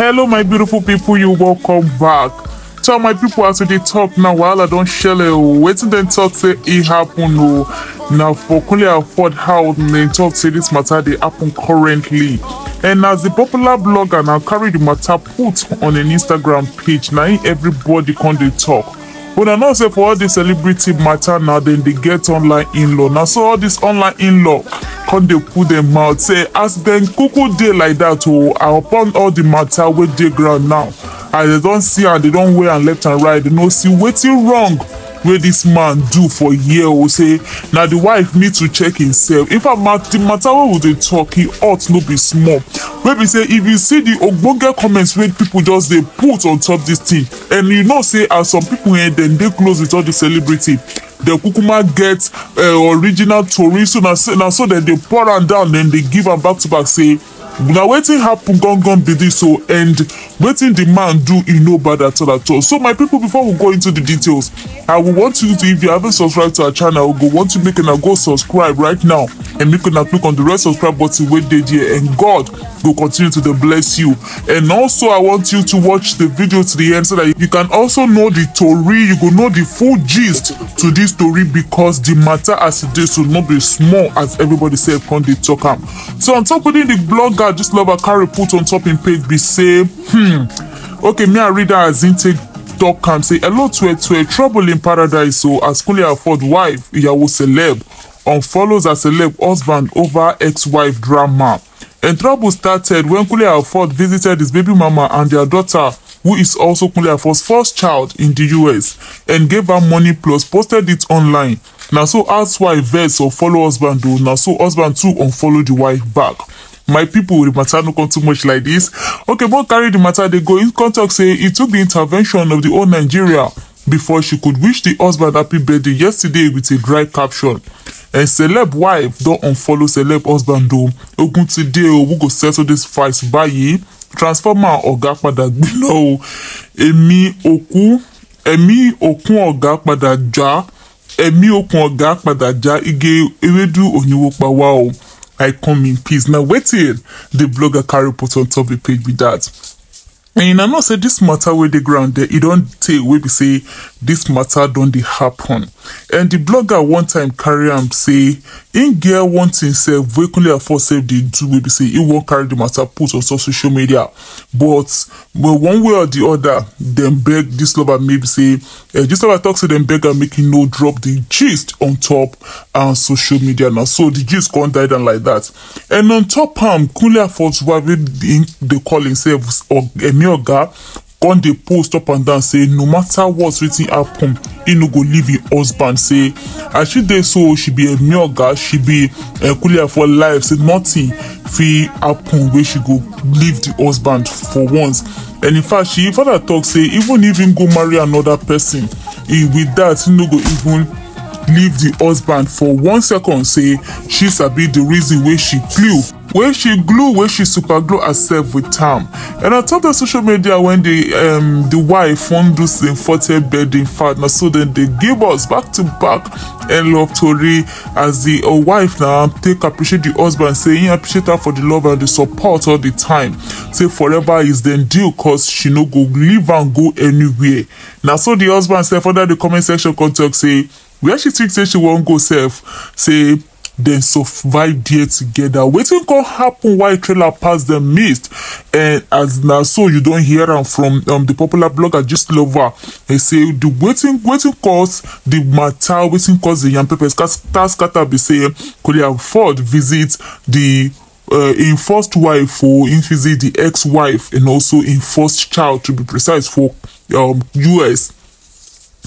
hello my beautiful people. you welcome back So my people, as we talk now, while I don't share it, waiting dem talk say it e happen o na for kunle afford how dem talk say this matter they happen currently and as di popular blogger now carry the matter put on an instagram page Now, everybody can they talk. tok I know say for all the celebrity matter now, then they get online in law Now, so all this online in law come dey put dem mouth say as dem koko dey like dat o oh, and upon all di mata wey dey ground now as dem don see am dem don weigh am left and right dem no see wetin wrong wey dis man do for here o oh, say na di wife need to check himself in fact di mata wey we dey talk e hot no be small wey be say if you see di ogbonge comments wey pipo just dey put on top dis thing and you know say as some pipo eh dem dey close with all di celebrity dem kukuma get eh, original tori so na so dem dey pour am down then dey give am back to back say na wetin happen gangan be dis o oh, and wetin di man do e no bad at all at all so my pipo before we go into di details i will want you to if you haven't subscribed to our channel we go want you make una go subscribe right now and make una click on the red subscribe button wey dey there and god go continue to dey bless you and also i want you to watch the video to the end so that you can also know the tori you go know the full gist to this tori because the matter as e dey so no be small as everybody sef come dey talk am so on top of the blogger just lover carry put on top im page be say hmm okay me i read am as im take talk am say hello to a to a trouble in paradise o oh, as Kunle afford wife ìyàwó celeb unfollows her celeb husband over ex-wife drama. And trouble started when Kunle Afod visited his baby mama and their daughter, who is also Kunle Afod's first child in the US, and gave her money plus posted it online. Now so housewife vex or follow husband o, now so husband too unfollow the wife back. my people the matter no come too much like this okay but carry the matter they go in contact say it took the intervention of the old nigeria before she could wish the husband happy birthday yesterday with a dry caption a celeb wife don unfollow celeb husband o ogun ti dé o who go settle this fight báyìí transformer ọ̀gá padà gbé lọ o èmi òkú ẹ̀mí òkun ọ̀gá padà já ẹ̀mí òkun ọ̀gá padà já ige ewédú òyìnbó pa wá o i come in peace na wetin the blogger carry put on top the page be that and una know say this matter wey dey ground there e don tey wey be say dis matter don dey happen and di blogger one time carry am say im get one thing sef wey kunle afosef dey do wey be say e wan carry di matter put on top social media but well, one way or di other dem beg dis lover maybe say uh, eh, dis lover tok say dem beg am make e no drop di gist on top and ah, social media na so di gist come die down like dat and on top am kunle afosef wey dey call himself emi eh, oga con dey post up and down say no matter what wetin happen e no go leave im husband say as she dey so she be emi oga she be enkulia eh, for life say nothing fit happen wey she go leave di husband for once and in fact she further talk say even if im go marry another person e with that e no go even leave the husband for one second say she sabi the reason wey she glue wey she glue wey she super glue herself with am and on top dat social media when the um, the wife wan do im fortieth birthday in na so dem dey give us back to back love tori as di uh, wife na take appreciate the husband say im appreciate her for the love and the support all the time say forever is dem deal cos she no go leave am go anywhere na so the husband sef under the comment section come tok say wia she think say she wan go sef say dem survive there together wetin come happen while trailer pass dem mist, and as na so you don hear am from um, the popular blogger gist lover e say the wetin wetin cause the matter, wetin cause di yam pepper scatter scatter be say collier ford visit the uh, im first wife or im visit di ex-wife and also im first child to be precise for um, us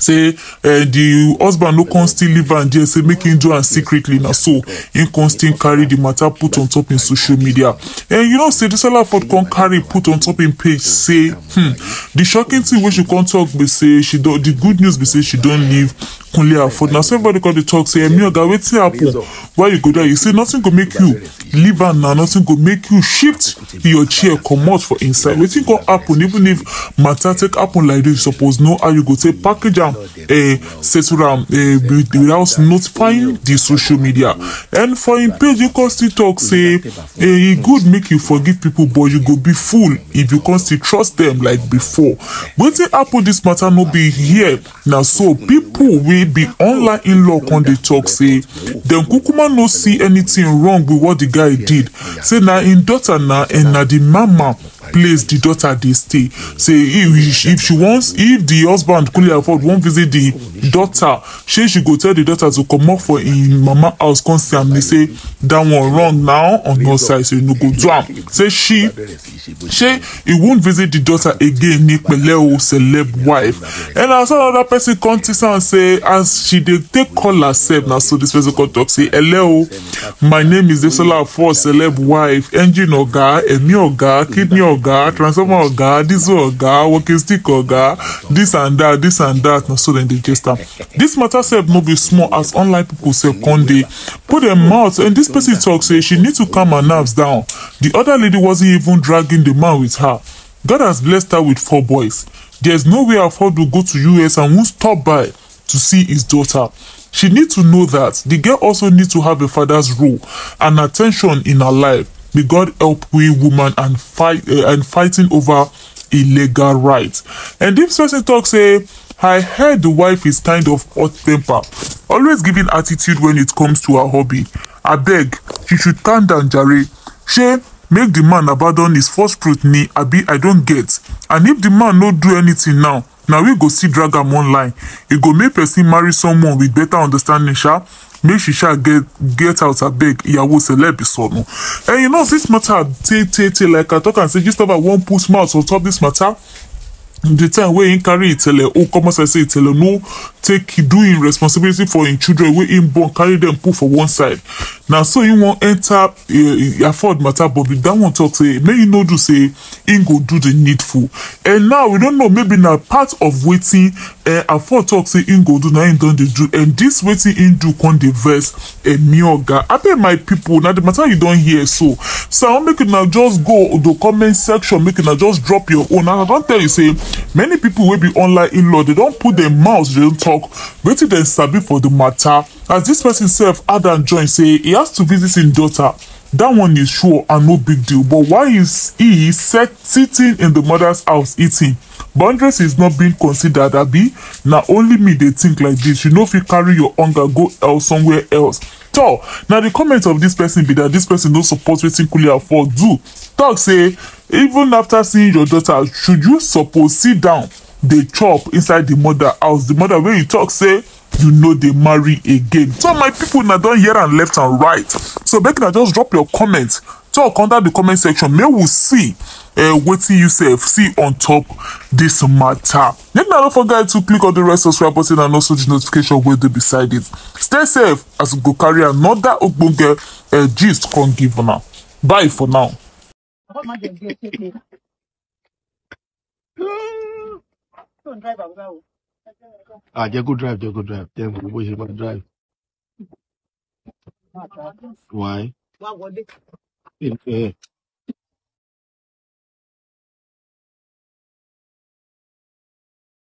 say eh, the husband no come still leave am there say make him do am secretly na so him come still carry the matter put on top him social media and you know say the seller for come carry put on top him page say hmm the shocking thing wey she come talk be say she don di good news be say she don leave kunle afford na so everybody come dey talk say emi oga wetin happen why you go there you say nothing go make you leave am na nothing go make you shift your chair comot for inside wetin go happen even if matter take happen like this you suppose know how you go take package am now a Setoram a, without notifying the social media and for him page e come still talk say it eh, good make you forgive people but you go be fool if you come still trust them like before But the apple this matter not be here now, so people will be online in lock on the talk say dem kukuma no see anything wrong with what the guy did say now in daughter now and now the mama place the daughter dey stay say if if she wants if the husband kunle afford wan visit the daughter shey she go tell the daughter to comot for im mama house come see am say that one wrong now on your side so you no go do am say she shey e wan visit the daughter again ni pẹ̀lẹ́ o celeb wife and as another person come tease am say as she dey take call herself na so this person come talk say ele o my name is desola afo celeb wife engine oga emi oga kidney oga. oga transformer oga dis oga walking stick oga this and that this and that na so dem dey gist am matter sef no be small as online pipo sef come dey put dem mouth and this person talk say she need to calm her nerves down The other lady wasn't even dragging the man with her god has blessed her with four boys there's no way afford to go to us and will stop by to see his daughter she need to know that the girl also need to have a father's role and attention in her life May God help we women and fight uh, and fighting over illegal rights. And this person talk say, I heard the wife is kind of hot temper, always giving attitude when it comes to her hobby. Abeg, she should calm down jare. Shey make the man abandon his first scrutiny abi I don get. And if the man no do anything now, na we go see drag am online. E go make person marry someone with better understanding sha make she ṣáà get get out abeg ìyàwó celeb sọnù and you know this matter tey tey tey like i talk am say gistaba wan put mouth on top this matter the time wey him carry itele o come say say itele no take do im responsibility for im children wey im born carry them, put for one side na so im wan enter eh, afford matter but dat one talk say make you no do say im go do the needful and now we don know maybe na part of wetin eh, afford talk say im go do na im don dey do and this wetin im do come dey vex emi oga abeg my people. na the matter you don hear so so i wan make una just go the comment section make una just drop your own and i don tell you say many people wey be online in law dey don put their mouth dey don talk tok wetin dem sabi for di mata as dis pesin sef add and join say e has to visit im daughter dat one is sure and no big deal but why is e sitting in di mother's house eating boundaries is not being considered abi na only me dey think like dis you no fit carry your hunger go else somewhere else tor na di comment of dis person be dat dis person no support wetin kulia for do tok say even after seeing your daughter should you suppose sit down dey chop inside di mother house di mother wey you tok say you no dey marry again so my pipo na don hear am left and right so make na just drop your comment talk under the comment section make we see eh, wetin you sef see on top this matter? make na no forget to click on the red subscribe button and also the notification wey dey beside it stay safe as we go carry anoda ogbonge eh, gist come give una bye for now kò drive àbúrò o. àjẹ́ kó drive jẹ́ kó drive jẹ́ kó bó ṣe máa drive. why. wá wọlé.